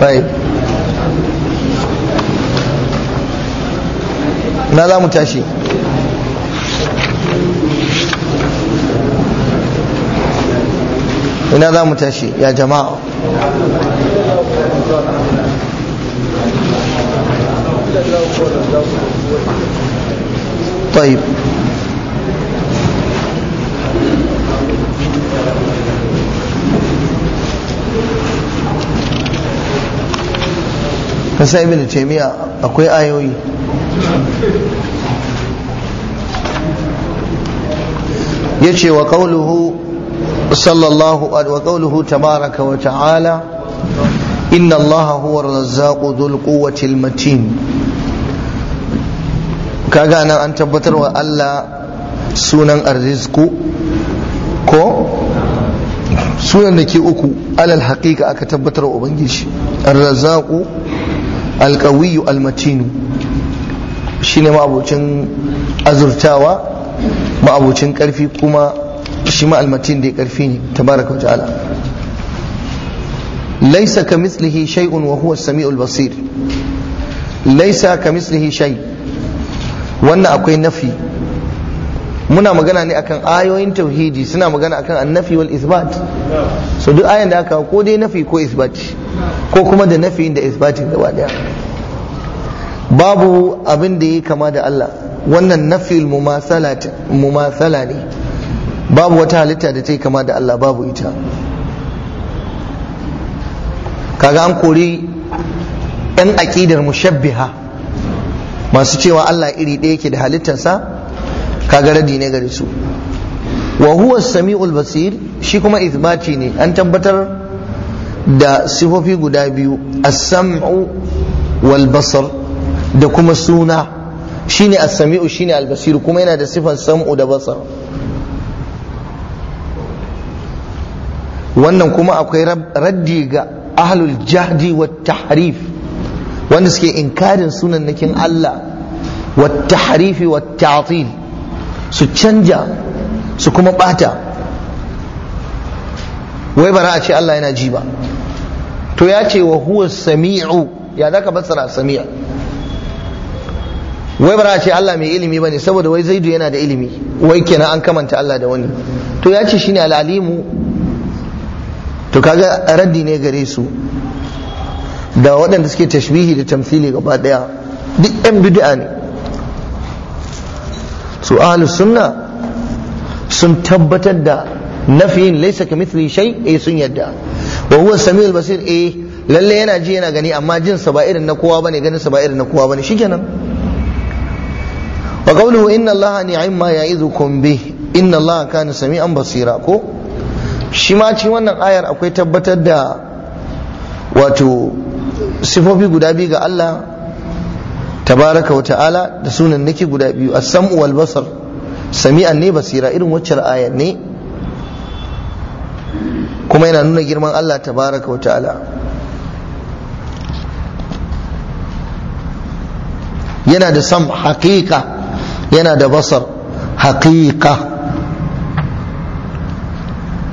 طيب ما لا متعشي من لام متعشي يا جماعة طيب kasa da taimiyya akwai ayoyi ya ce wa ƙauluhu sallallahu wa ƙauluhu tabaraka wa ta'ala inna allaha huwa razzaqu dhul quwwati matin kaga nan an tabbatar wa Allah sunan arrizku ko sunan da ke uku alal haƙiƙa aka tabbatar wa ubangiji arrazzaku alkawiyu almatinu ne ma'abocin azurtawa ma'abocin karfi kuma shi ma da da karfi ne tabaraka wa ta'ala laisa ka mislihi shay'un wa huwa samiul basir laisa ka mislihi shay wannan akwai nafi muna magana ne akan ayoyin tauhidi suna magana akan annafi wal isbat so duk ayan da aka ko dai nafi ko isbati ko kuma da nafiyin da isbatin gaba daya babu abin da ya kama da Allah wannan nafil mumathala ne babu wata halitta da ta yi kama da Allah babu ita kaga an kori yan aƙidar mushabbiha masu cewa Allah iri ɗaya yake da halittarsa Ka ga radi ne gare su wa huwa samiul basir shi kuma ithbati ne an tabbatar da sifofi guda biyu as-sam'u wal basar da kuma suna shine as-sami'u shine al-basir kuma yana da sifan sam'u da basar wannan kuma akwai raddi ga ahlul jahdi wa tahrif wanda suke inkarin sunan nakin Allah wa tahrifi wa ta'til su canja su kuma bata wai bara a ce Allah yana ji ba to ya ce wa huwa sami'u ya zaka basara sami'a wai bara a ce Allah mai ilimi bane saboda wai zaidu yana da ilimi wai kenan an kamanta Allah da wani to ya ce shine al'alimu to kaga raddi ne gare su da waɗanda suke tashbihi da tamthili gaba daya duk ɗan bid'a ne su ahalus sunna sun tabbatar da nafiyin laysa kamithli shay eh sun yadda wa huwa samiul basir eh lalle yana ji yana gani amma jin sa ba irin na kowa bane ganin sa ba irin na kowa bane shikenan wa qawluhu inna allaha ni'imma ya'idukum bi inna allaha kana sami'an basira ko shi ma ci wannan ayar akwai tabbatar da wato sifofi guda biyu ga Allah tabaraka wa ta'ala da sunan nake guda biyu as-sam'u wal basar sami'an ne basira irin waccar ayar ne kuma yana nuna girman Allah tabaraka wa ta'ala yana da sam haqiqa yana da basar haqiqa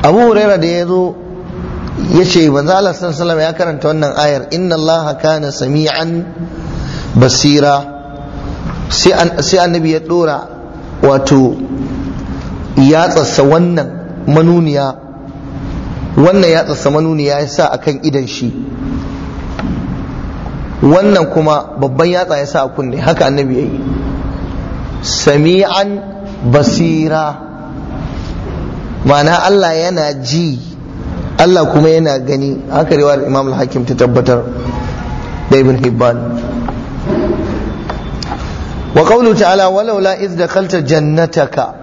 Abu Huraira da ya yace ya ce manzo Allah sallallahu alaihi wasallam ya karanta wannan ayar inna Allah kana sami'an basira sai annabi ya dora wato ya tsasa wannan manuniya wannan ya tsasa manuniya ya sa akan idan shi wannan kuma babban yatsa ya sa a kunne haka annabi ya yi sami'an basira ma'ana Allah yana ji Allah kuma yana gani haka riwayar Imam al-Hakim ta tabbatar da Ibn Hibban wa qawlu ta'ala walau la iz jannataka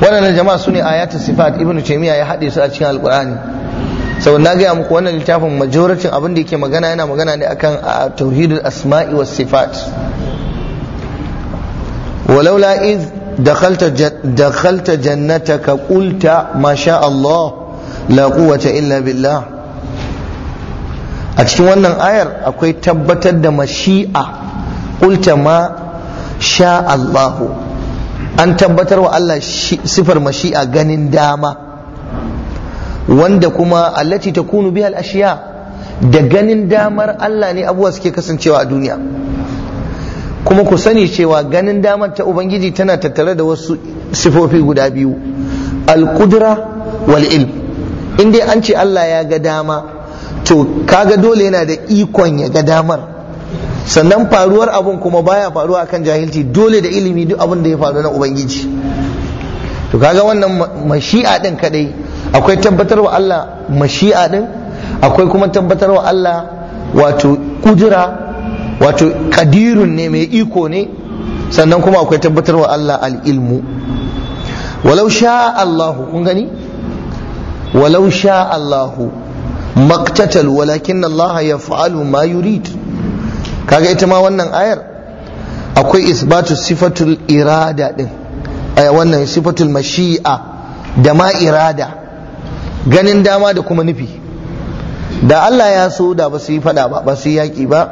wannan jama'a sune ayatu sifat ibn taymiya ya haɗe su a cikin alqur'ani sau na gaya muku wannan littafin majoratin abin da yake magana yana magana ne akan tauhidul asma'i was sifat Walaula iz dakhalta dakhalta jannataka qulta masha Allah la quwwata illa billah a cikin wannan ayar akwai tabbatar da mashi'a qulta ma sha Allahu an tabbatar wa Allah sifar mashi'a ganin dama wanda kuma allati takunu biha al-ashiya da ganin damar Allah ne abuwa suke kasancewa a duniya kuma ku sani cewa ganin damar ta ubangiji tana tattare da wasu sifofi guda biyu al-qudra wal ilm in dai an ce Allah ya ga dama to kaga dole yana da ikon ya ga damar sannan faruwar abun kuma baya faruwa akan jahilci dole da ilimi duk abin da ya faru na ubangiji to kaga wannan mashi'a din kadai akwai tabbatar wa Allah mashi'a din akwai kuma tabbatar wa Allah wato kudura wato kadirun ne mai iko ne sannan kuma akwai tabbatar wa Allah al-ilmu walau sha Allahu kun gani walau sha Allah maqtatal walakin Allah yaf'alu ma yurid kaga ita ma wannan ayar akwai isbatu sifatul irada din wannan sifatul mashi'a da ma irada ganin dama da kuma nufi da Allah ya so da ba su yi fada ba ba su yi yaƙi ba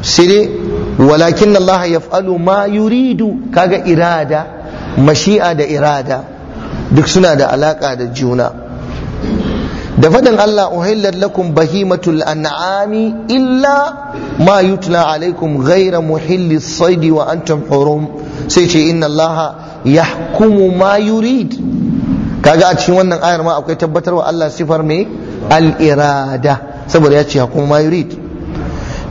sire walakin Allah yaf'alu ma yuridu kaga irada mashi'a da irada duk suna da alaka da juna da faɗin Allah uhillat lakum bahimatul an'ami illa ma yutla alaikum ghaira muhilli saidi wa antum hurum sai ce inna Allah yahkumu ma yurid kaga a cikin wannan ayar ma akwai tabbatarwa Allah sifar me al-irada saboda ya ce yahkumu ma yurid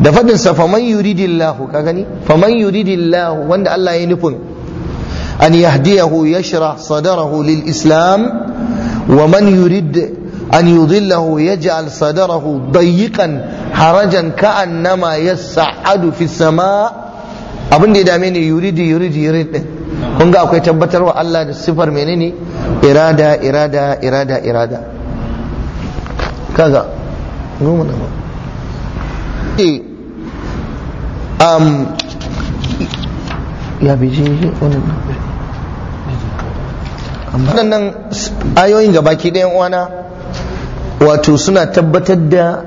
da faɗin sa faman yuridillahu ka gani faman yuridillahu wanda Allah ya nufin an yahdiyahu yashrah sadarahu lil islam wa man yurid أن يضله يجعل صدره ضيقا حرجا كأنما يسعد في السماء abin da ya dame ne yuridi yuridi yurid din kun ga akwai tabbatarwa Allah da sifar menene irada irada irada irada gabaki ɗayan wato suna tabbatar da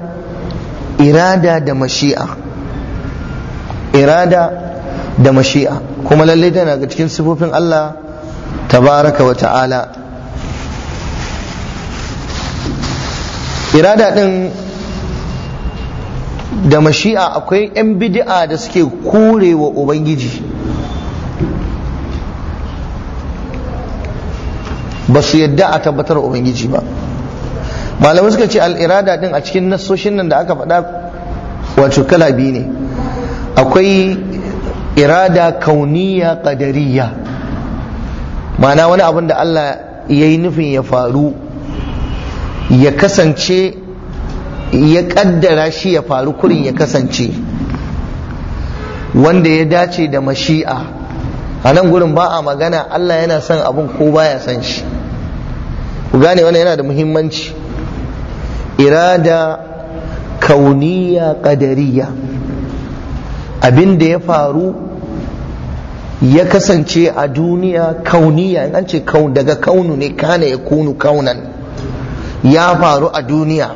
irada da mashi'a irada da mashi'a kuma lallai tana ga cikin sifofin Allah tabaraka wa ta'ala irada din da mashi'a akwai 'yan bid'a da suke wa ubangiji ba su yadda a tabbatar ubangiji ba malamai suka ce al'irada din a cikin nassoshin nan da aka faɗa wato kala biyu ne akwai irada kauniya ƙadariya mana wani abin da Allah ya yi nufin ya faru ya kasance ya ƙaddara shi ya faru kurin ya kasance wanda ya dace da mashi'a a nan gurin ba a magana Allah yana son abin ko baya son shi ku gane wani yana da muhimmanci irada kauniya ƙadariya abinda ya faru ya kasance a duniya kauniya in an ce daga kaunu ne kana ya kunu kaunan ya faru a duniya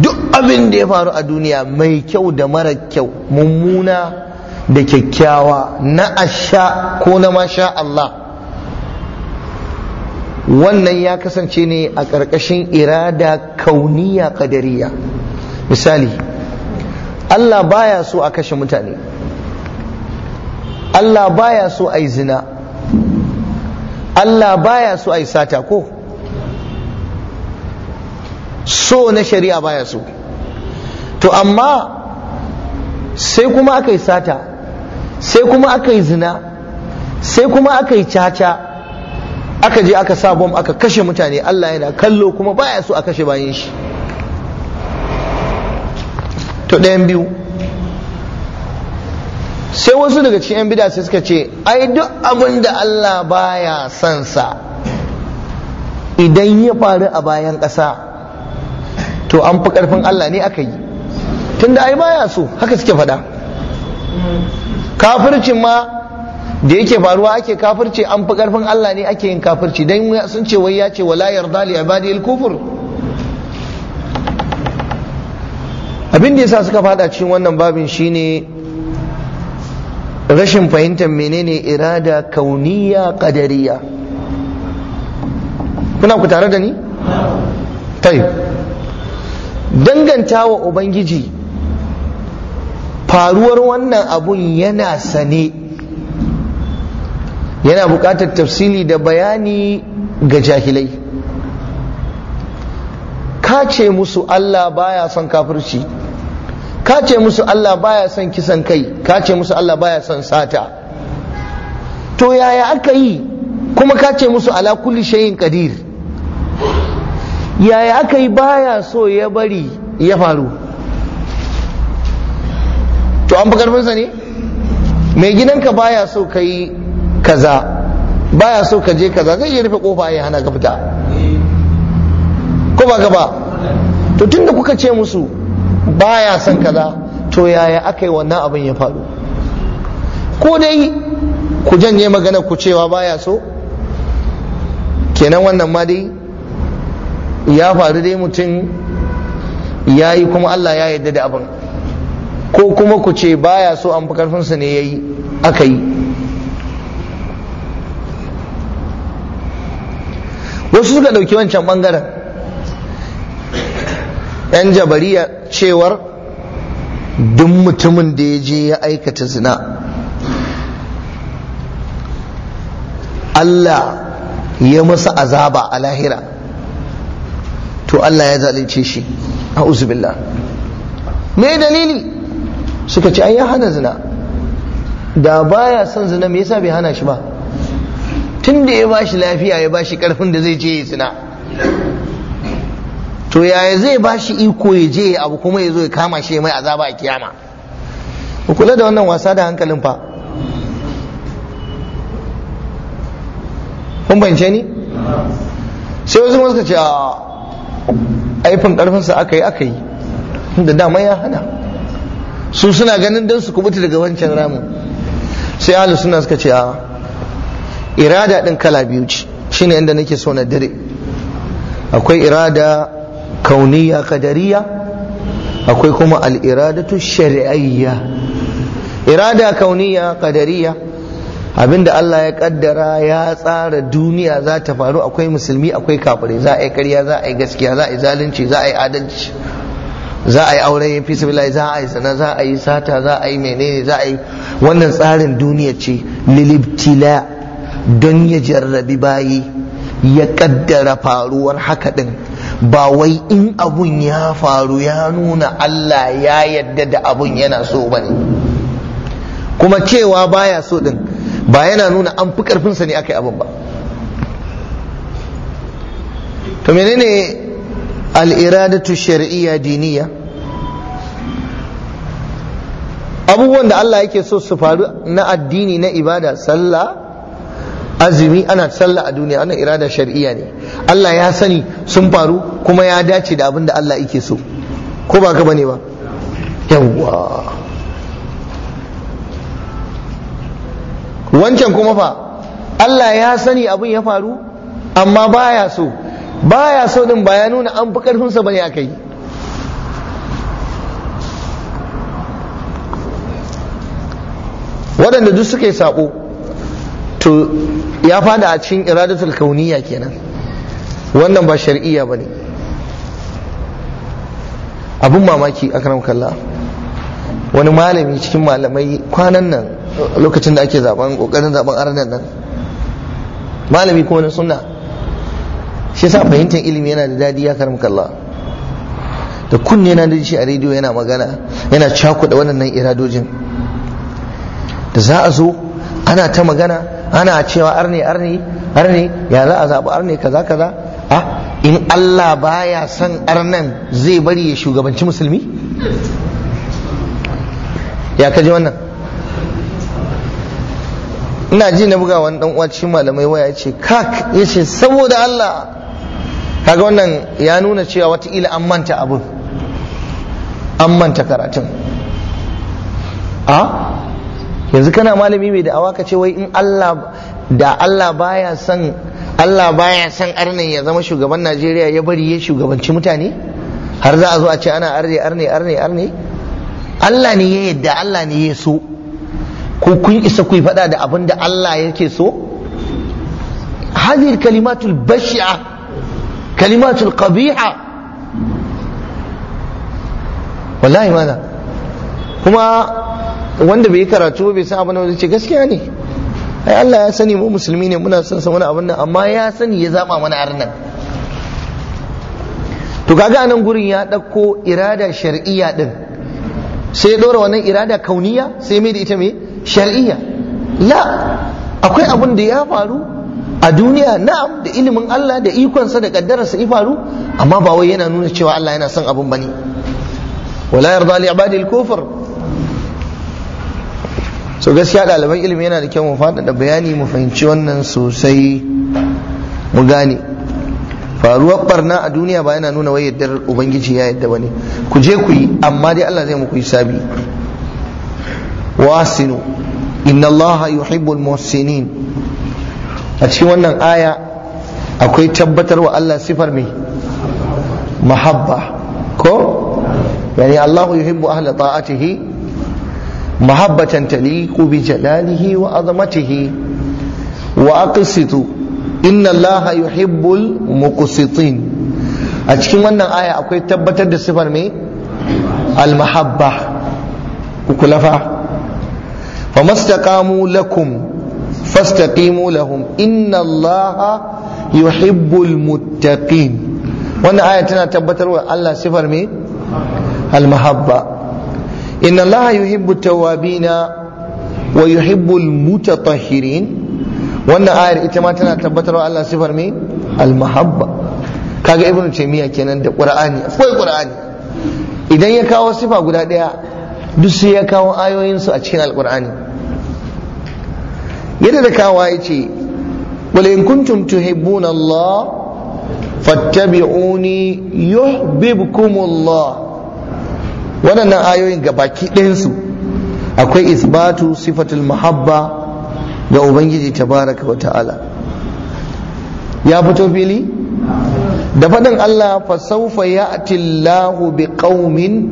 duk abin da ya faru a duniya mai kyau da mara kyau mummuna da kyakkyawa na asha ko na masha Allah wannan ya kasance ne a ƙarƙashin irada kauniya ƙadariya misali Allah baya so a kashe mutane Allah baya so a yi zina Allah baya so a yi sata ko so na shari'a baya so to amma sai kuma aka yi sata sai kuma aka yi zina sai kuma aka yi caca aka je aka sa bom aka kashe mutane Allah yana kallo kuma baya so a kashe bayan shi to ɗayan biyu sai wasu daga cikin 'yan bida sai suka ce ai duk abin da Allah baya son sa idan ya faru a bayan ƙasa to an fi ƙarfin Allah ne aka yi tunda ai baya so haka suke faɗa kafircin ma da yake faruwa ake kafirci an fi karfin Allah ne ake yin kafirci dan sun ce wai ya ce wala yarda li ibadi al kufur abin da yasa suka fada cikin wannan babin shine rashin fahimtar menene irada kauniya qadariya kuna ku tare da ni tayi danganta wa ubangiji faruwar wannan abun yana sane yana buƙatar tafsili da bayani ga jahilai ka ce musu Allah baya son kafirci ka ce musu Allah baya son kisan kai ka ce musu Allah baya son sata to yaya aka yi kuma ka ce musu ala kulli shayin qadir yaya aka yi baya so ya bari ya faru to an fi karfinsa ne mai gidanka baya so ka kaza baya so ka je kaza zai iya rufe kofa ya hana ka fita ko ba ka ba to tunda kuka ce musu baya son kaza to yaya aka yi wannan abin ya faru ko dai ku janye magana ku cewa baya so kenan wannan ma dai ya faru dai mutum ya yi kuma Allah ya yarda da abin ko kuma ku ce baya so an fi karfinsa ne ya yi aka yi wasu suka ɗauki wancan ɓangaren yan jabariya cewar duk mutumin da ya je ya aikata zina Allah ya masa azaba a lahira to Allah ya zalunce shi a uzubillah me dalili suka ce ai ya hana zina da baya son zina me yasa bai hana shi ba tun da ya shi lafiya ya shi karfin da zai je ya sina to yaya zai ba shi iko ya je abu kuma ya zo ya kama shi mai azaba a kiyama ku kula da wannan wasa da hankalin fa kun bance ni sai wasu suka ce a aifin karfinsa aka yi aka yi da dama ya hana su suna ganin don su kubuta daga wancan ramin sai ahlus suna suka ce a irada ɗin kala biyu ce shine inda nake so na dare. akwai irada kauniya kadariya akwai kuma al'iradatu shari'ayya irada kauniya kadariya abinda Allah ya kaddara ya tsara duniya za ta faru akwai musulmi akwai kafirai za a yi karya za a yi gaskiya za a yi zalunci za a yi adalci za a yi aure fi sabilillah za a yi sana za a yi sata za a yi menene za a yi wannan tsarin duniya ce lilibtila don ya jarrabi bayi ya kaddara faruwar haka din ba wai in abun ya faru ya nuna Allah ya yadda da abun yana so bane kuma cewa baya so din ba yana nuna an fi karfinsa ne aka yi abun ba to menene al-iradatu shar'iyya diniya abubuwan da Allah yake so su faru na addini na ibada sallah azumi ana sallah a duniya wannan irada shar'iyya ne Allah ya sani sun faru kuma ya dace da abin da Allah yake so ko ba ka bane ba yawwa wancan kuma fa Allah ya sani abin ya faru amma baya so baya so din ba ya nuna an fi karfin sa bane akai waɗanda duk suke sako to ya fada a cikin iradatul kauniya kenan wannan ba shar'iyya bane ne abin mamaki akram kalla wani malami cikin malamai kwanan nan lokacin da ake zaben kokarin zaben arnan nan malami ko wani sunna shi sa fahimtar ilimi yana da dadi ya karam kalla da kunne na da shi a rediyo yana magana yana cakuɗa waɗannan iradojin da za a zo ana ta magana ana cewa arne arne arne ya za a zaɓi arne kaza kaza a ah, in Allah baya son arnan zai bari ya shugabanci musulmi ya kaji wannan ina ji na buga wani uwa cikin malamai waya ce kak ya ce saboda Allah kaga wannan ya nuna cewa ila an manta abu, an manta karatun a ah, yanzu kana malami mai da'awa ka ce wai in Allah da Allah baya son Allah baya son arne ya zama shugaban Najeriya ya bari ya shugabanci mutane har za a zo a ce ana arne arne arne arne Allah ne ya yadda Allah ne ya so ko kun isa ku faɗa da abin da Allah yake so hadir kalimatul bashi'a, kalimatul qabiha wallahi mana kuma wanda bai karatu bai san abin da zai gaskiya ne ai Allah ya sani mu musulmi ne muna son sa wani abin nan amma ya sani ya zaba mana arnan to kaga anan gurin ya dauko irada shar'iyya din sai ya dora wannan irada kauniya sai mai da ita me shar'iyya la akwai abin da ya faru a duniya na'am da ilimin Allah da ikon sa da sa ya faru amma ba wai yana nuna cewa Allah yana son abin bane wala yarda li ibadil kufur so gaskiya ɗaliban ilimi yana da kyau mu faɗaɗa bayani mu fahimci wannan sosai mu gane faruwar barna a duniya ba yana nuna wai ubangiji ya yadda bane ku je ku yi amma dai Allah zai muku hisabi wasinu inna Allah yuhibbul muhsinin a cikin wannan aya akwai tabbatar wa Allah sifar mai mahabba ko yani Allah yuhibbu ahla ta'atihi محبة تليق بجلاله وعظمته وأقسط إن الله يحب المقسطين أتكلم أن آية أكوية تبت الصفر مي المحبة وكلفة فما استقاموا لكم فاستقيموا لهم إن الله يحب المتقين وأن آية تبت الله صفر مي المحبة inna allaha yuhibbu tawabina wa yuhibbul mutatahhirin wannan ayar ita ma tana tabbatarwa Allah sifar me al-mahabba kaga ibnu miya kenan da qur'ani akwai qur'ani idan ya kawo sifa guda daya duk sai ya kawo ayoyinsu a cikin al-qur'ani yadda da kawo yace wal in kuntum tuhibbuna Allah fattabi'uni kuma Allah waɗannan ayoyin ga baki ɗayansu akwai isbatu sifatul mahabba ga ubangiji tabaraka wa ta'ala ya fito fili da faɗin Allah fasaufa ya'ti Allahu bi qaumin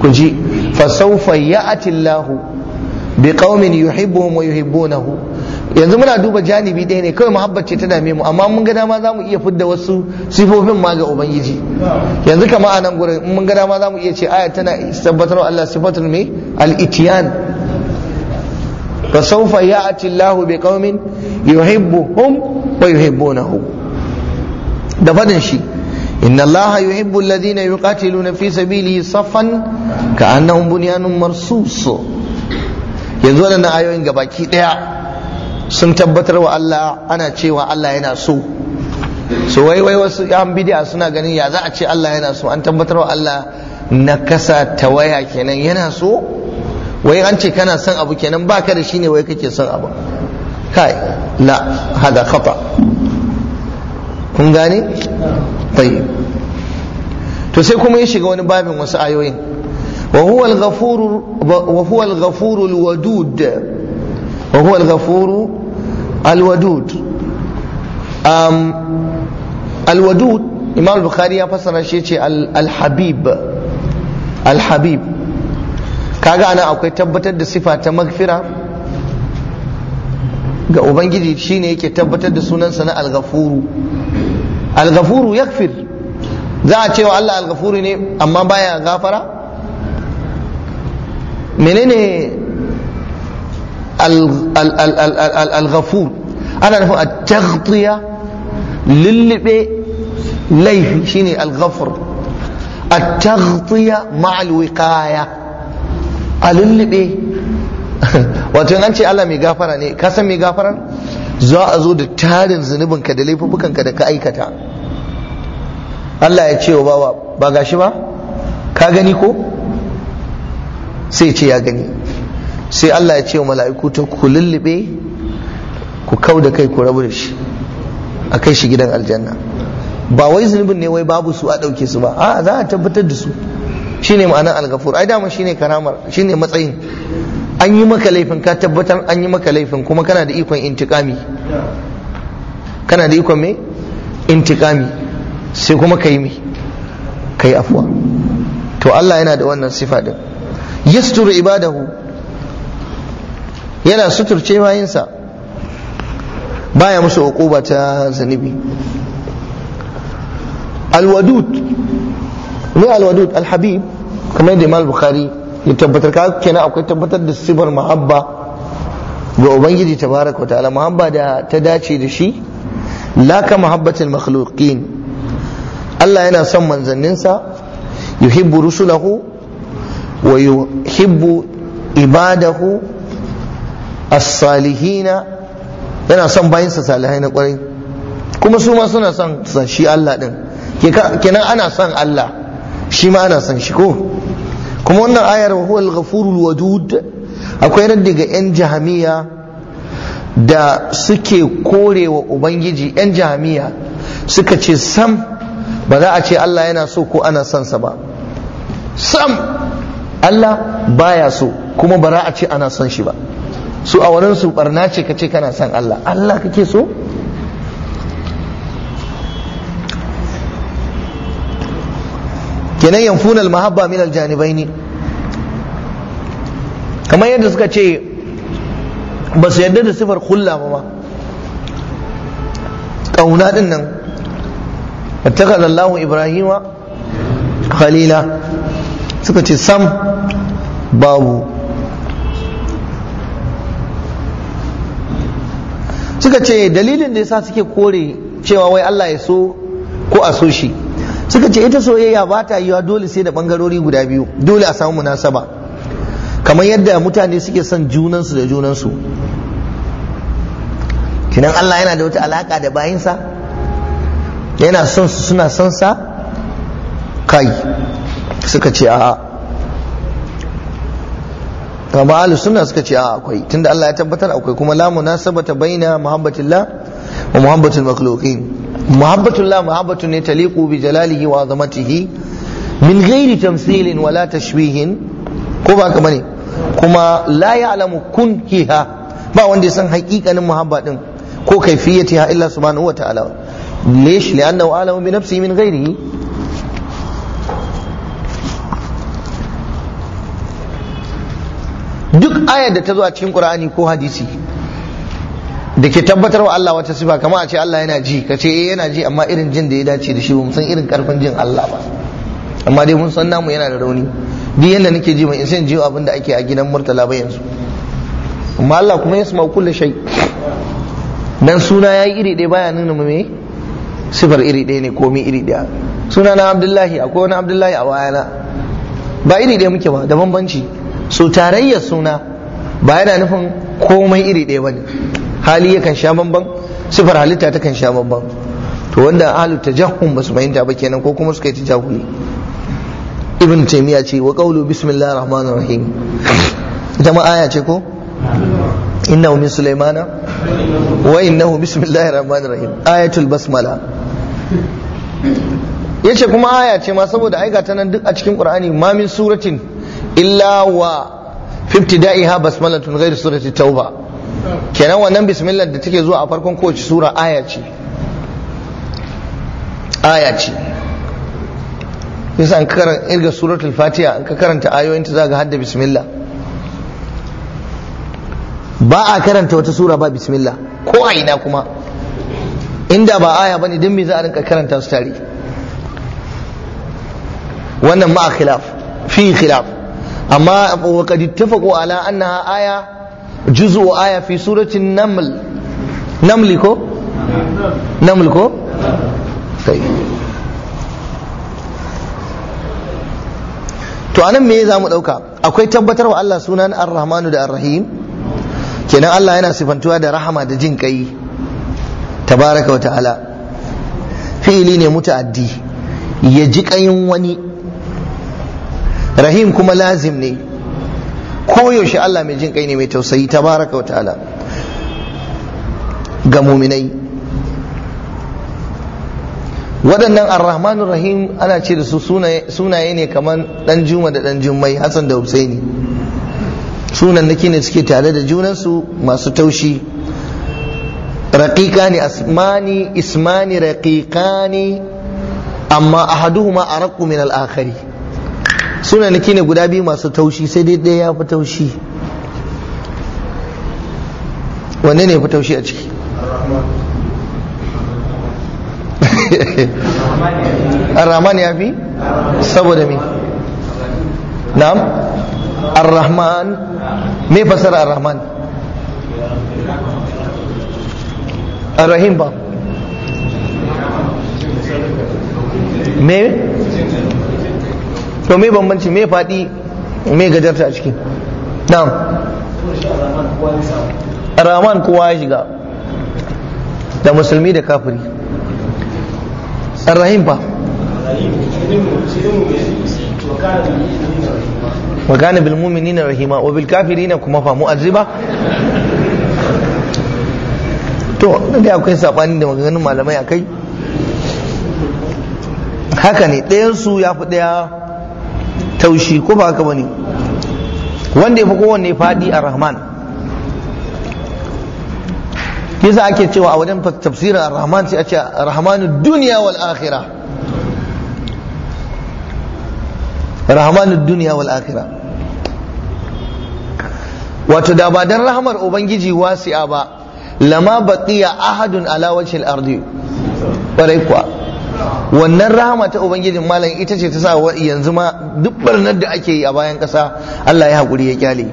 kuji fasaufa ya'ti Allahu bi qaumin yuhibbuhum wa yuhibbunahu yanzu muna duba janibi ɗaya ne kawai muhabbat ce ta dame mu amma mun ga dama za mu iya fidda wasu sifofin ma ga ubangiji yanzu kama a nan gurin mun ga ma za mu iya ce aya tana tabbatar Allah sifatul me al-itiyan fa sawfa ya'ti Allah bi qaumin yuhibbuhum wa yuhibbunahu da fadin shi inna Allah yuhibbu alladhina yuqatiluna fi sabilihi saffan ka'annahum bunyanun marsus yanzu wannan ayoyin gabaki daya sun tabbatar wa Allah ana cewa Allah yana so so wai wai wasu yan bidiya suna ganin ya za a ce Allah yana so an tabbatar wa Allah na kasa ta waya kenan yana so wai an ce kana son abu kenan baka da shi ne wai kake son abu kai la hada khata kun gane tayi to sai kuma ya shiga wani babin wasu ayoyin wa huwa al-ghafurul wadud وهو الغفور الودود ghafuru الودود البخاري يفسر شيء الحبيب ya fassara shi ce al-habib al akwai tabbatar da sifa ta magfira ga ubangiji shine yake tabbatar da sunansa na al-ghafuru al-ghafuru yakfir za a cewa Allah al-ghafuru ne amma baya gafara menene al-ghafur ana nufin a taghtiya lullube laifi shine al-ghafur a taghtiya ma'alwikaya a lullube wato an ce Allah mai gafara ne ka san mai gafara za a zo da tarin zunubinka da ka da ka aikata Allah ya ce wa bawa ba gashi ba ka gani ko sai ce ya gani sai Allah ya ce wa mala'iku ta ku lullube ku kau da kai ku rabu da shi a kai shi gidan aljanna ba wai zunubin ne wai babu su a ɗauke su ba a za a tabbatar da su shine ma'anar algafur ai dama shine karamar shine matsayin an yi maka laifin ka tabbatar an yi maka laifin kuma kana da ikon intikami kana da ikon me intikami sai kuma kai me yi afuwa to Allah yana da wannan sifa din yasturu ibadahu yana suturce bayinsa baya musu uquba ta zanibi alwadud ne alwadud alhabib kamar yadda imam bukhari ya tabbatar ka kenan akwai tabbatar da sifar mahabba ga ubangiji tabaraka ta'ala mahabba da ta dace da shi laka ka mahabbatil makhluqin Allah yana son manzanninsa yuhibbu rusulahu wa yuhibbu ibadahu as-salihina yana son sa salihai na kwarai kuma su ma suna son shi Allah din kenan ana son Allah shi ma ana son shi ko kuma wannan ayar wa huwal ghafurul wadud akwai nan daga yan jahamiya da suke korewa ubangiji yan jahamiya suka ce sam ba za a ce Allah yana so ko ana son sa ba sam Allah baya so kuma ba za a ce ana son shi ba su a wurin su barna ce kace kana son Allah Allah kake so kenan yanfuna almahabba min aljanibaini kamar yadda suka ce ba su yarda da sifar kulla ba ma kauna din nan attakhadha Allahu Ibrahima khalila suka ce sam babu suka ce dalilin da ya sa suke kore cewa wai Allah ya so ko a so shi suka ce ita soyayya ba ta yiwa dole sai da bangarori guda biyu dole a samu munasaba kamar yadda mutane suke son junansu da junansu kinan Allah yana da wata alaka da bayinsa yana son su suna son sa kai suka ce a'a amma ahlus sunna suka ce a akwai tunda Allah ya tabbatar akwai kuma la munasabata baina muhabbatillah wa muhabbatul makhluqin muhabbatullah muhabbatun ne taliqu bi jalalihi wa azamatihi min ghairi tamthilin wala tashbihin ko ba ka bane kuma la ya'lamu kunhiha ba wanda ya san haƙiƙanin muhabba din ko kaifiyatiha illa subhanahu wa ta'ala lish li'annahu a'lamu bi nafsihi min ghairihi duk ayar da ta zo a cikin qur'ani ko hadisi da ke tabbatar wa Allah wata sifa kama a ce Allah yana ji ka ce eh yana ji amma irin jin da ya dace da shi ba mu san irin karfin jin Allah ba amma dai mun san namu yana da rauni duk yanda nake ji mai in san jiyo abin da ake a gidan murtala ba yanzu amma Allah kuma ya sama kullu shay dan suna yayi iri ɗaya baya nuna mu me sifar iri ɗaya ne komai iri ɗaya suna na Abdullahi akwai wani Abdullahi a wayana ba iri ɗaya muke ba da bambanci Su tarayya suna ba yana nufin komai iri ɗaya bane hali yakan sha bamban sifar halitta ta kan sha bamban to wanda ahlu tajahhum basu fahimta ba kenan ko kuma suka yi tajahuli ibn taymiya ce wa qawlu bismillahir rahmanir rahim ita ma aya ce ko innahu min sulaimana wa innahu bismillahir rahmanir rahim ayatul basmala yace kuma aya ce ma saboda aika ta nan duk a cikin qur'ani ma min suratin illa wa fibtida'iha basmalatun ghairu surati tauba kenan wannan bismillah da take zuwa a farkon kowace sura aya ce aya yasa an karanta irga suratul fatiha an ka karanta ayoyin ta zaga hadda bismillah ba a karanta wata sura ba bismillah ko a ina kuma inda ba aya bane dan me za a rinka karanta su tare wannan ma khilaf fi khilaf amma wa qad ittafaqu ala na aya juz'u aya fi suratin naml namli ko naml ko to anan me za mu ɗauka akwai tabbatar wa Allah sunan ar-rahmanu da ar-rahim kenan Allah yana sifantuwa da rahama da jin kai tabaraka wa ta'ala fi'ili ne muta'addi ya ji kayin wani rahim kuma lazim ne koyaushe Allah mai jin kai ne mai tausayi tabaraka wa ta'ala ga muminai waɗannan arrahmanur rahim ana ce da su sunaye ne kamar ɗan juma da ɗan jummai hassan da husaini sunan nake ne suke tare da junansu masu taushi raƙiƙani asmani ismani raƙiƙani amma ahaduhuma araqu min al-akhari niki ne guda biyu masu taushi sai dai ɗaya ya fi taushi wanne ne ya fi taushi a ciki ar-rahman ya fi saboda me na'am ar-rahman me fasara ar-rahman ar-rahim ba me to me bambanci me faɗi me gajarta a ciki na'am raman kowa ya shiga da musulmi da kafiri rahim fa wa kana bil mu'minina rahima wa bil kafirina kuma fa mu'azziba to da akwai sabani da maganganun malamai akai haka ne ɗayan su ya fi ɗaya taushi ko ba haka bane wanda ya kowanne fadi a rahman yasa ake cewa a wajen tafsirin rahman sai a ce rahmanu duniya wal akhira rahmanu duniya wal akhira wato da ba dan rahmar ubangiji wasi'a ba lama baqiya ahadun ala wajhil ardi kwarai kuwa wannan rahama ta ubangijin malam ita ce ta sa yanzu ma duk barnar da ake yi a bayan ƙasa Allah ya haƙuri ya kyale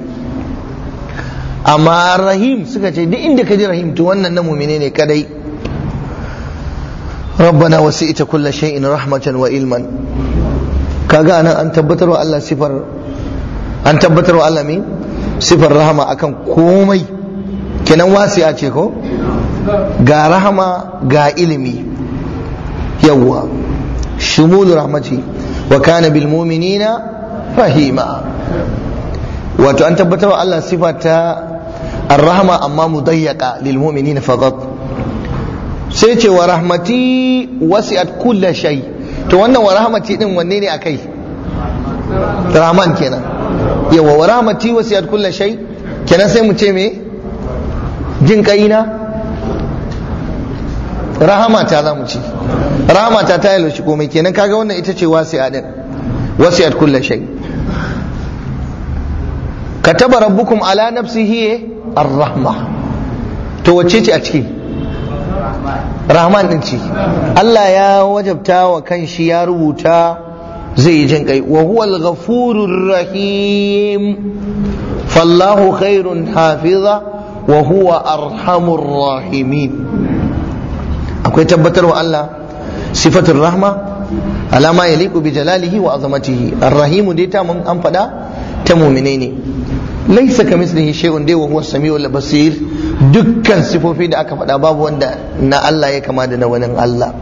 amma rahim suka ce duk inda ka ji rahim to wannan na mumine ne kadai rabbana ita kulla shay'in rahmatan wa ilman kaga anan an tabbatar wa Allah sifar an tabbatar wa Allah me sifar rahama akan komai kenan wasi'a ce ko ga rahama ga ilimi yawwa shumul rahmati wa kana bil mu'minina rahima wato an tabbatar wa Allah sifa ta arrahma amma mudayyaqa lil mu'minina faqat sai ce wa rahmati wasi'at kulla shay to wannan wa rahmati din wanne ne akai rahman kenan yawwa wa rahmati wasi'at kulla shay kenan sai mu ce me jin kaina rahamata za mu ce rahamata ta yi komai kenan kaga wannan ita ce wasi'a din wasi'at kullu shay kataba rabbukum ala nafsihi ar-rahma to wacce ce a ciki rahman din ce Allah ya wajabta wa kanshi ya rubuta zai yi jin kai wa huwa ghafurur rahim fallahu khairun hafiza wa huwa arhamur rahimin akwai tabbatarwa Allah sifatul rahma alama ya liku bi jalalihi wa azamatihi arrahimu dai ta mun an faɗa ta muminai ne laisa ka mislihi shay'un dai wa huwa samiul basir dukkan sifofi da aka faɗa babu wanda na Allah ya kama da na wani Allah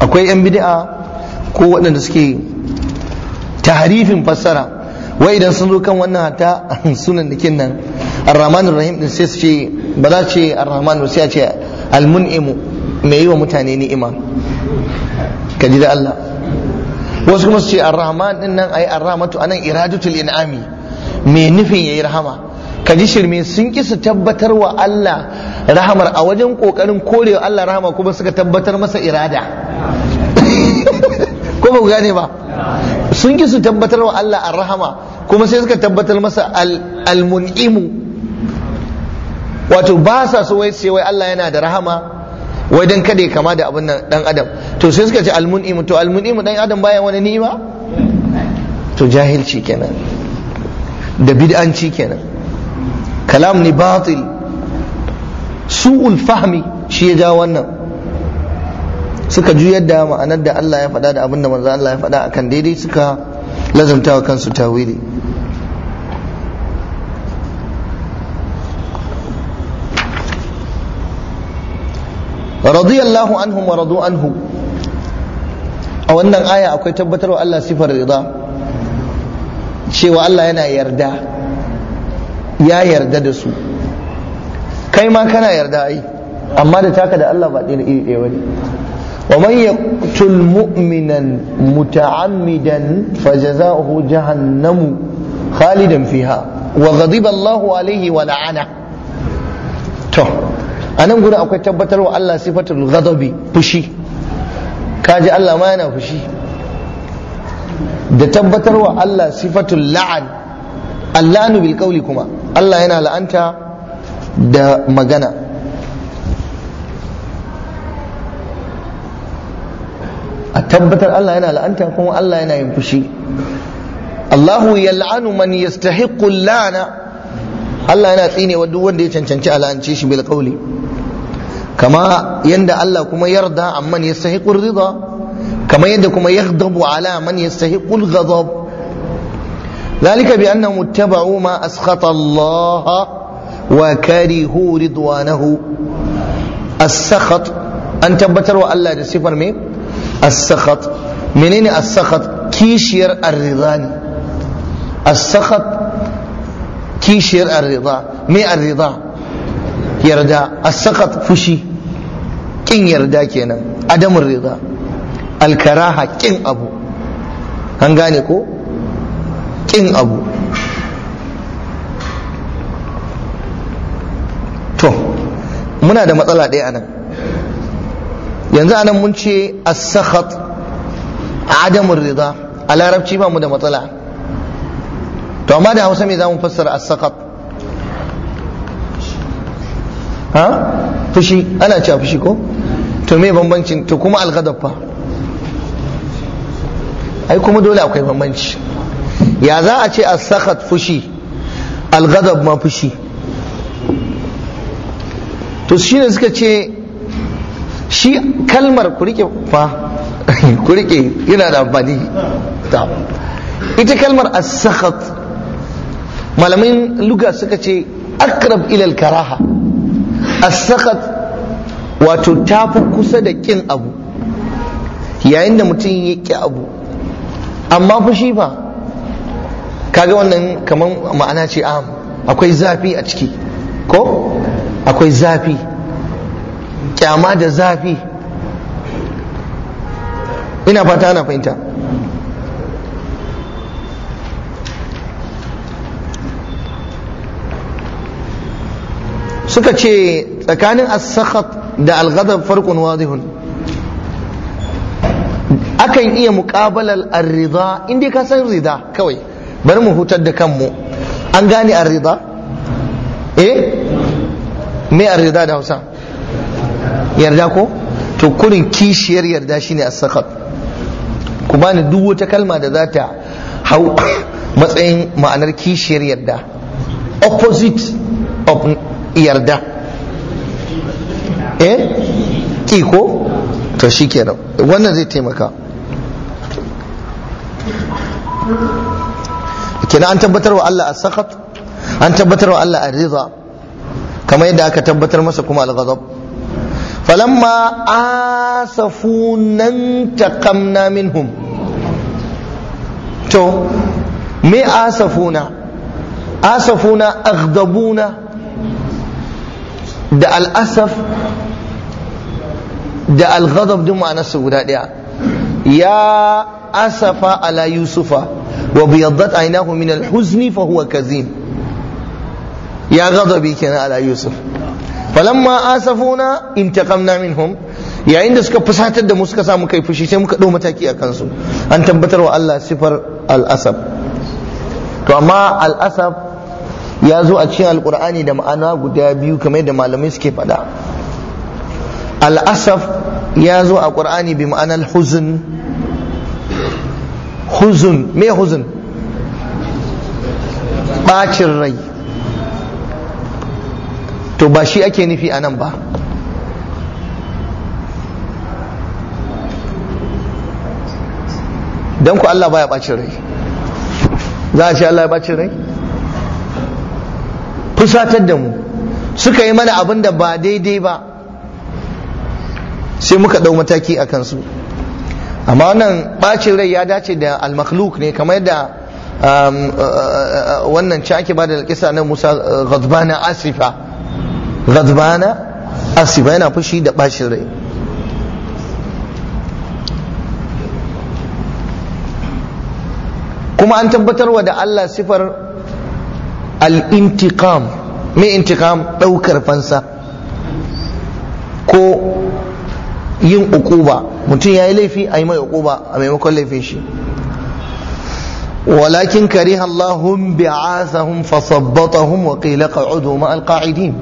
akwai yan bid'a ko waɗanda suke tarifin fassara wai idan sun zo kan wannan hata sunan nikin nan الرحمن الرحيم ar-rahim din sai su ce ba za ce ar-rahman sai ce al-mun'imu yi wa mutane ni'ima ka ji da Allah wasu kuma su ce ayi ar anan iradatul in'ami mai nufin yayi rahama ka ji shirme sun ki su tabbatar wa Allah rahamar a wajen kokarin korewa Allah rahama kuma suka tabbatar masa irada ko ba gane ba sun ki su tabbatar wa Allah arrahama kuma sai suka tabbatar masa al-mun'imu wato ba sa so wai sai wai Allah yana da rahama wai dan kada ya kama da abin nan dan adam to sai suka ce almun'im to almun'im dan adam baya wani ni'ima to jahilci kenan da bid'anci kenan kalam ni batil su'ul fahmi shi ya ja wannan suka juyar da ma'anar da Allah ya faɗa da abin da manzo Allah ya faɗa akan daidai suka lazamta wa kansu tawili radiyallahu anhum wa radu anhu a wannan aya akwai tabbatarwa Allah sifar rida cewa Allah yana yarda ya yarda da su kai ma kana yarda ai amma da taka da Allah ba ɗaya iri ɗaya wa man yaqtul mu'minan muta'ammidan fajaza'uhu jahannamu khalidan fiha wa ghadiba Allahu alayhi wa la'ana to a nan gurin akwai tabbatar wa Allah sifatul ghadabi fushi kaji Allah ma yana fushi da tabbatar wa Allah sifatul la'an allanu bil qawli kuma Allah yana la'anta da magana a tabbatar Allah yana la'anta kuma Allah yana yin fushi Allahu yal'anu man yastahiqqu la'ana Allah yana tsinewa duk wanda ya cancanci a la'ance shi bil qawli kama yadda Allah kuma yarda ya sahi rida kama yadda kuma yaghdabu ala man sahi ghadab ذلك بأنهم اتبعوا ما أسخط الله وكرهوا رضوانه السخط أن تبتروا الله da sifar me as-sakhat menene as-sakhat kishiyar ar-ridha ne kishiyar me yarda as-sakat fushi kin yarda kenan adamun rida al kin abu an gane ko kin abu to muna da matsala ɗaya anan yanzu anan mun ce as-sakhat adamun rida a larabci ba mu da matsala to amma da hausa me za mu fassara as-sakhat ha fushi ana cewa fushi ko to me bambancin to kuma alghadab fa ai kuma dole akwai bambanci ya za a ce as-sakhat fushi alghadab ma fushi to shine suka ce shi kalmar ku rike fa ku rike yana da amfani ita kalmar as-sakhat malamin luga suka ce akrab ila al-karaha as wato tafi kusa da kin abu yayin da mutum ya ki abu amma fushi fa kaga wannan kamar ma'ana ce am akwai zafi a ciki ko akwai zafi kyama da zafi ina fata ana fahimta suka ce tsakanin as-sakhat da al-ghadab farqun wadihun akan iya muqabalar ar ridha inda ka san ridha kawai bari mu hutar da kanmu an gane ar ridha eh me ar ridha da Hausa yarda ko to kurin kishiyar yarda shine as-sakhat ku bani duk wata kalma da za ta hau matsayin ma'anar kishiyar yarda opposite of yarda eh ki ko to shi kenan wannan zai taimaka kenan an tabbatar wa Allah as-sakhat an tabbatar wa Allah ar-ridha kamar yadda aka tabbatar masa kuma al-ghadab falamma asafunan taqamna minhum to me asafuna asafuna aghdabuna da al'asaf da al duk ma'anarsa guda ɗaya ya asafa ala yusufa wa biyaddat aynahu min al-huzni fa huwa kazim ya ghadabi kenan ala yusuf falamma asafuna intaqamna minhum yayin da suka fusatar da mu suka samu kai fushi sai muka ɗau mataki a kansu an tabbatar wa Allah sifar al-asab to amma al-asab ya zo a cikin alkur'ani da ma'ana guda biyu kamar da malamai suke faɗa al'asaf ya zo a ƙur'ani bi ma'anar huzun huzun me huzun ɓacin rai to ba shi ake nufi a nan ba don ku Allah baya ɓacin rai za a ce Allah ya ɓacin rai fusatar da mu suka yi mana abin da ba daidai ba sai muka ɗau mataki a kansu amma wannan ɓacin rai ya dace da almakhluk ne kamar um, uh, uh, uh, da wannan ci ake da ƙisa na Musa ghadbana asifa ghadbana asifa yana fushi da ɓacin rai kuma an tabbatarwa da Allah sifar al-intiqam me intiqam daukar fansa ko yin ukuba mutum ya yi laifi a yi mai ukuba a maimakon laifin shi walakin kariha Allahum bi'asahum fasabbatahum wa qila qa'udu ma al-qa'idin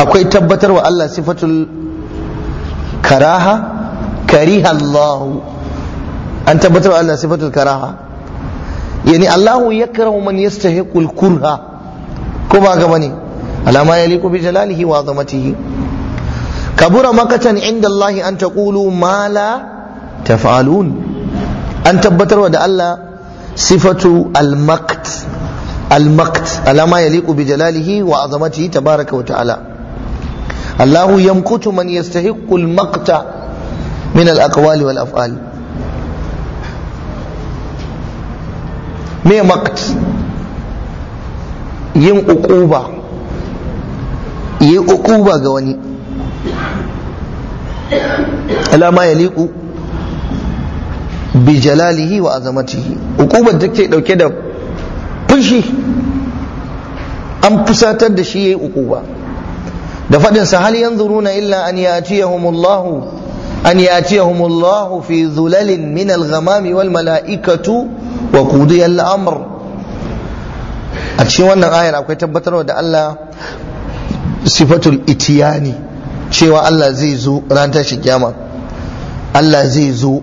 akwai tabbatar wa Allah sifatul karaha kariha Allah an tabbatar wa Allah sifatul karaha yani Allahu yakrahu man yastahiqul kurha ko ba gaba ne alama yaliqu bi jalalihi wa azamatihi kabura makatan inda Allah an ta kulu ma la tafa'alun. an tabbatar wa da Allah sifatu al-maqt al-maqt alama yaliqu bi jalalihi wa azamatihi tabaraka wa ta'ala Allahu yamkutu man yastahiqul maqta min al-aqwali wal af'ali me makt yin uquba yi ukuba ga wani alama ya liku bi jalalihi wa azamatihi uqubar take dauke da fushi an fusatar da shi yayi ukuba, da fadin sa hal yanzuruna illa an yatiyahumullahu an ce Allah fi zulalin minal al-ghamam wal mala'ikatu wa qudiya al a cikin wannan ayar akwai tabbatar da Allah sifatul itiyani cewa Allah zai zo ran tashi kiyama Allah zai zo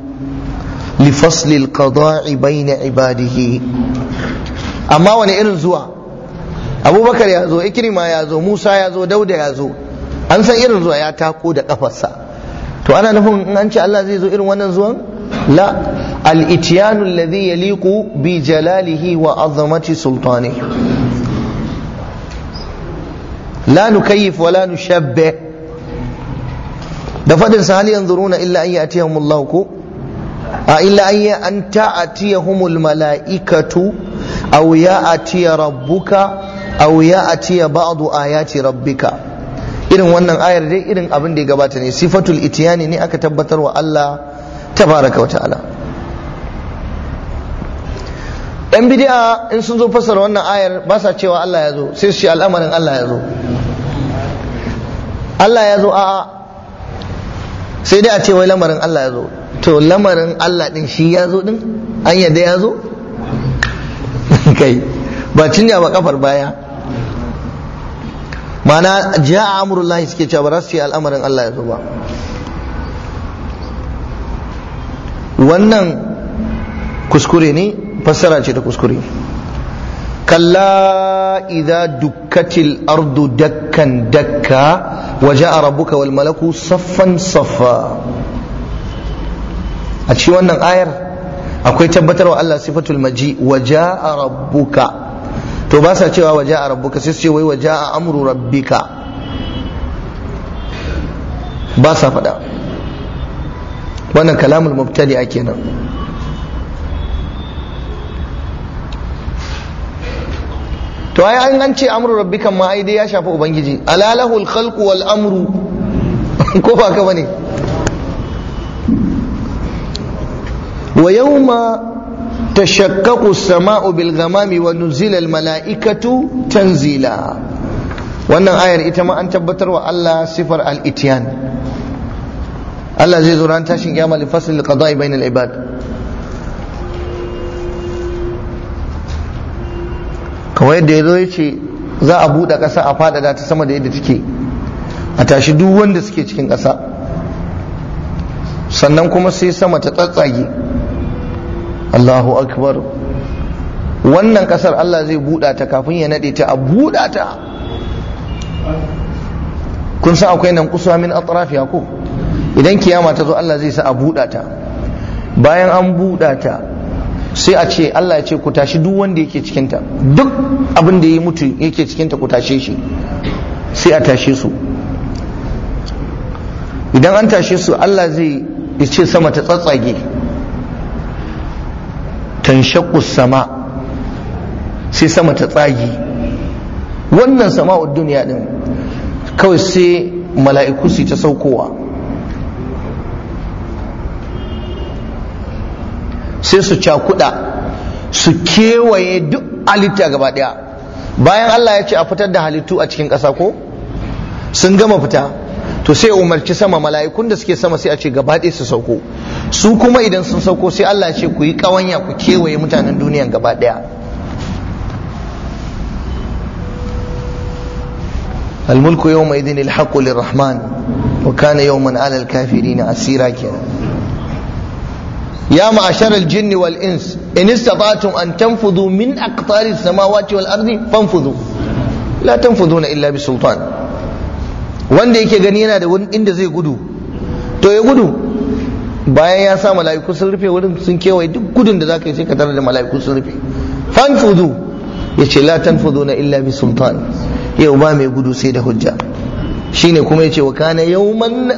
li fasli al-qada'i bayna ibadihi amma wani irin zuwa abubakar ya zo ikrima ya zo musa ya zo dauda ya zo an san irin zuwa ya tako da kafarsa to ana nufin in an ce Allah zai zo irin wannan zuwan la al-ityanu alladhi yaliqu bi jalalihi wa azamati sultani la nukayyif wa la nushabbih da fadin sa hal yanzuruna illa an ya'tiyahum Allah ku a illa an an ta'tiyahumul mala'ikatu aw ya'tiya rabbuka aw atiya ba'du ayati rabbika irin wannan ayar dai irin abin da ya gabata ne sifatul itiyani ne aka tabbatar wa Allah tabaraka wa ta'ala yan bid'a in sun zo fassara wannan ayar ba sa cewa Allah ya zo sai su ce al'amarin Allah ya zo Allah ya zo a'a sai dai a ce wai lamarin Allah ya zo to lamarin Allah din shi ya zo din an yadda ya zo kai ba cinya ba kafar baya ma'ana ja'a amrullahi suke cewa ba za su ce al'amarin Allah ya zo ba wannan kuskure ne fassara ce ta kuskure kalla idza dukkatil ardu dakkan dakka wa ja'a rabbuka wal malaku saffan saffa a wannan ayar akwai tabbatarwa Allah sifatul maji wa ja'a rabbuka to ba sa cewa waje a rabbuka sai ce wai waje a amru rabbika ba sa faɗa wannan kalamul mubtadi ake kenan to ai an an ce amru rabbika ma ai dai ya shafi ubangiji alalahul khalqu wal amru ko ba ka bane wa yawma tashaqqaqu as-sama'u bil ghamami wa mala'ikatu tanzila wannan ayar ita ma an tabbatar wa Allah sifar al-ityan Allah zai zo ran tashin kiyama li fasl al-qada'i bainal ibad kawai da yazo yace za a buɗe ƙasa a faɗaɗa ta sama da yadda take a tashi duk wanda suke cikin ƙasa sannan kuma sai sama ta tsatsage Allahu akbar wannan kasar Allah zai buɗa ta kafin ya naɗe ta a buɗa ta kun sa akwai nan kusa min atrafiya ko idan kiyama ta zo Allah zai sa a buɗa ta bayan an buɗa ta sai a ce Allah ya ce ku tashi duk wanda yake cikin ta duk abin da ya mutu yake cikin ta ku tashe shi sai a tashe su idan an tashe su Allah zai ce sama ta tsatsage tanshaqqu sama sai sama ta tsagi wannan sama'ud duniya din kawai sai mala'iku su ta saukowa sai su cakuɗa su kewaye duk halitta gaba daya bayan Allah ya ce a fitar da halittu a cikin ƙasa ko sun gama fita to sai umarci sama mala'ikun da suke sama sai a ce gaba ɗaya su sauko su kuma idan sun sauko sai Allah ce ku yi kawanya ku kewaye mutanen duniya gaba ɗaya almulku yau mai dinil haƙulin rahman wa kana yau man alal kafiri na asira kenan ya ma'ashar aljin wal ins in istabatum an tanfudu min aqtaris samawati wal ardi fanfudu la tanfuduna illa bisultan sultan wanda yake gani yana da wani inda zai gudu to ya gudu bayan ya sa mala'iku sun rufe wurin sun kewaye duk gudun da zaka yi sai ka tare da mala'iku sun rufe fanfudu yace la tanfuduna illa bi sultan yau ba mai gudu sai da hujja shine kuma yace wa kana yawman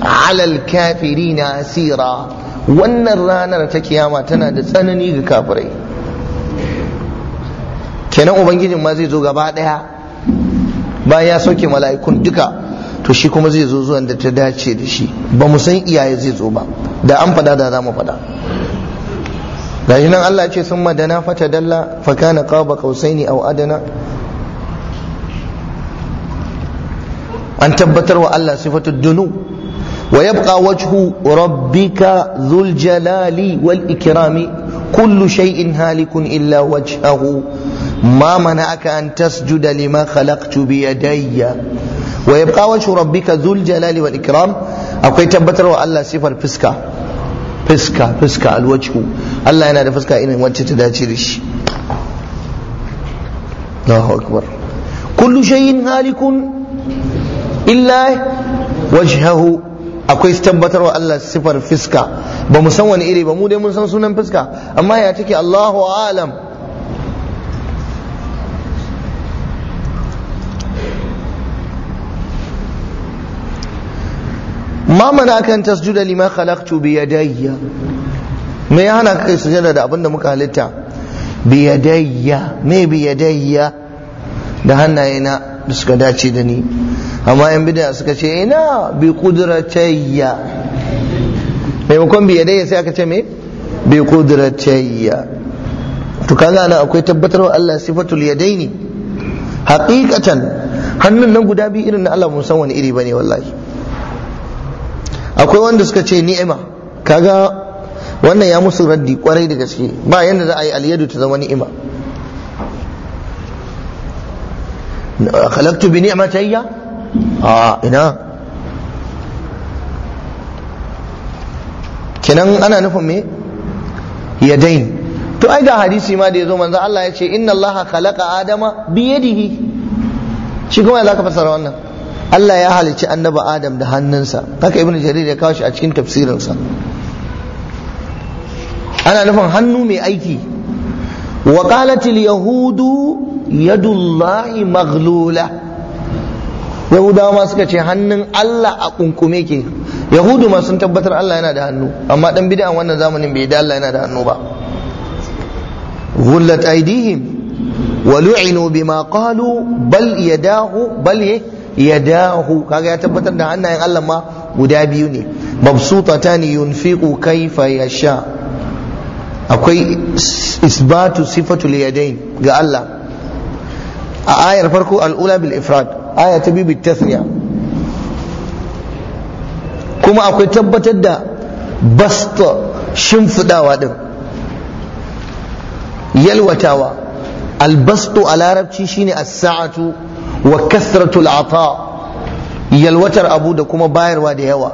alal na asira wannan ranar ta kiyama tana da tsanani ga kafirai kenan ubangijin ma zai zo gaba daya bayan ya sauke mala'ikun duka to shi kuma zai zo zuwan da ta dace da shi ba mu san iyaye zai zo ba da an fada da za mu fada gashi nan Allah ce sun madana fata dalla fa kana qaba qausaini aw adana an tabbatar wa Allah sifatu dunu wa yabqa wajhu rabbika dhul jalali wal ikrami kullu shay'in halikun illa wajhahu ma mana'aka an tasjuda lima khalaqtu bi yadayya wa yabqa wajhu rabbika dhul jalali wal ikram akwai tabbatar wa Allah sifar fiska. Fiska, fiska alwajhu Allah yana da fuska irin wacce ta dace da shi Allahu akbar kullu shay'in halikun illa wajhahu akwai tabbatar wa Allah sifar fiska. ba mu san wani iri ba mu dai mun san sunan fiska? amma ya take Allahu alam ma mana kan tasjuda lima khalaqtu bi yadayya me ya hana kai sujada da abinda muka halitta bi yadayya me bi yadayya da hannaye na da suka dace da ni amma yan bid'a suka ce ina bi qudratayya maimakon bi yadayya sai aka ce me bi qudratayya to kaga nan akwai tabbatarwa Allah sifatul yadaini haqiqatan hannun nan guda biyu irin na Allah mun san wani iri bane wallahi akwai wanda suka ce ni'ima kaga wannan ya musu raddi kwarai da gaske ba yanda za a yi aliyadu ta zama ni'ima khalaqtu bi ni'matayya a ina kenan ana nufin me yadain to ai ga hadisi ma da yazo manzo Allah ya ce inna Allah khalaqa adama bi yadihi shi kuma ya zaka fassara wannan Allah ya halicci annabi Adam da hannunsa haka ibnu jarir ya kawo shi a cikin tafsirinsa ana nufin hannu mai aiki wa qalatil yahudu yadullahi maghlula yahudawa ma suka ce hannun Allah a kunkume ke yahudu ma sun tabbatar Allah yana da hannu amma dan bid'a wannan zamanin bai da Allah yana da hannu ba ghullat aidihim wa lu'inu bima qalu bal yadahu bal yadahu kaga ya tabbatar da hannayen Allah ma guda biyu ne mabsutatani yunfiqu kaifa yasha akwai isbatu sifatu yadain ga Allah a ayar farko al'ula bil ifrad aya ta biyu tasniya kuma akwai tabbatar da basta shimfidawa din yalwatawa albastu a larabci shine as-sa'atu wa kasratul ata yalwatar abu da kuma bayarwa da yawa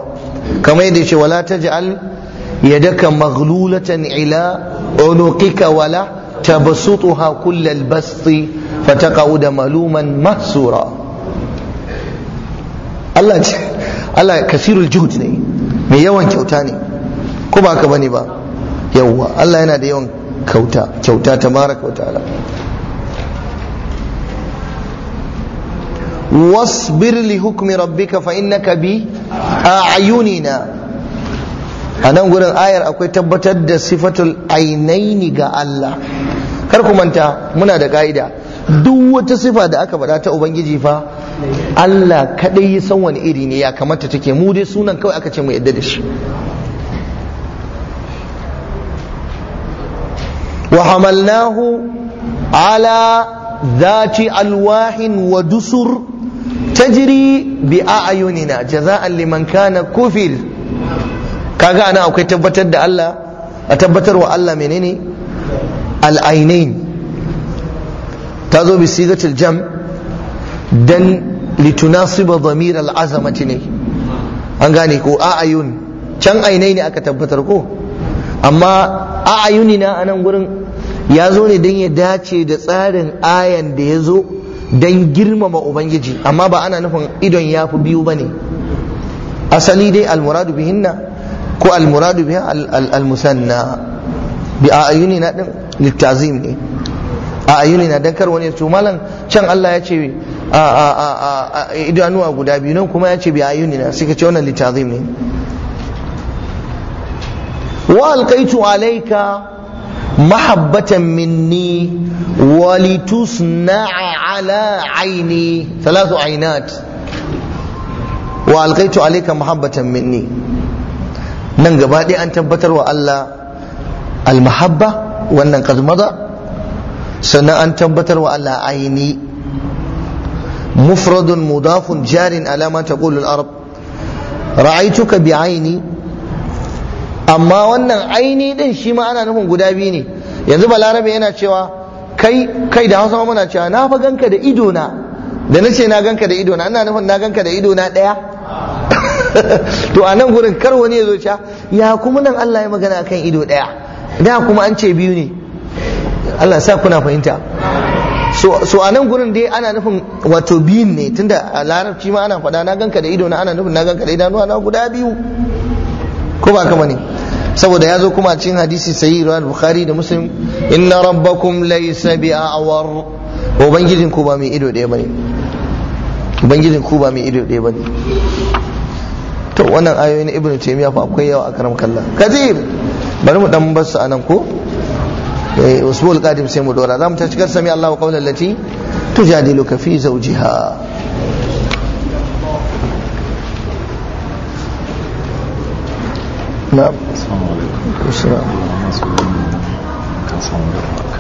kamar yadda ce wala taj'al yadaka maghlulatan ila unuqika wala tabsutuha kullal basti fataqauda maluman mahsura Allah ce Allah kasirul juhud ne mai yawan kyauta ne ko ba ka bane ba Allah yana da yawan kyauta kyauta tabaraka wa ta'ala واصبر لحكم ربك فإنك بأعيننا a nan gurin ayar akwai tabbatar da sifatul ainaini ga Allah kar ku manta muna da ka'ida duk wata sifa da aka faɗa ta ubangiji fa Allah kaɗai ya san wani iri ne ya kamata take mu dai sunan kawai aka ce mu yadda da shi wa hamalnahu ala zati alwahin wa dusur tajri bi a'yunina jaza'an liman kana kufir kaga ana akwai tabbatar da Allah a tabbatar wa Allah menene al ta zo bi sigatul jam dan litunasiba dhamir al-azamati ne an gane ko a'yun can ainai ne aka tabbatar ko amma a'yunina anan gurin ya zo ne dan ya dace da tsarin ayan da ya zo don girmama ubangiji amma ba ana nufin idon ya fi biyu ba ne asali dai almuradu bihinna ko almuradu biha almusanna bi a ayuni na din littazim ne a ayuni na dan kar wani ya malam can Allah ya ce a idanuwa guda biyu nan kuma ya ce bi ayuni na suka ce wannan littazim ne wa alqaitu alayka محبة مني ولتصنع على عيني ثلاث عينات وألقيت عليك محبة مني nan gaba ɗaya an tabbatar wa Allah almahabba wannan qad sannan an tabbatar wa Allah aini mufradun mudafun jarin alama taqulu al-arab ra'aytuka bi aini amma wannan aini din shi ma ana nufin guda biyu ne yanzu balarabe yana cewa kai kai da hausa muna cewa na fa ganka da ido na da nace na ganka da ido na ina nufin na ganka da ido na daya to a nan gurin kar wani ya zo ca ya kuma nan Allah ya magana akan ido daya da kuma an ce biyu ne Allah sa kuna fahimta so so a nan gurin dai ana nufin wato biyun ne tunda a larabci ma ana faɗa na ganka da ido na ana nufin na ganka da idanuwa na guda biyu ko ba kama ne saboda ya zo kuma cikin hadisi sayi ruwan bukhari da muslim inna rabbakum laysa bi awar ubangijin ku ba mai ido ɗaya bane ubangijin ku ba mai ido ɗaya bane to wannan ayoyi na ibnu taymiya fa akwai yawa a karam kallah kazir bari mu dan bar su anan ko eh usbul qadim sai mu dora zamu ta cikar sami Allahu qawlan lati tujadiluka fi zawjiha na'am السلام عليكم السلام ورحمة الله وبركاته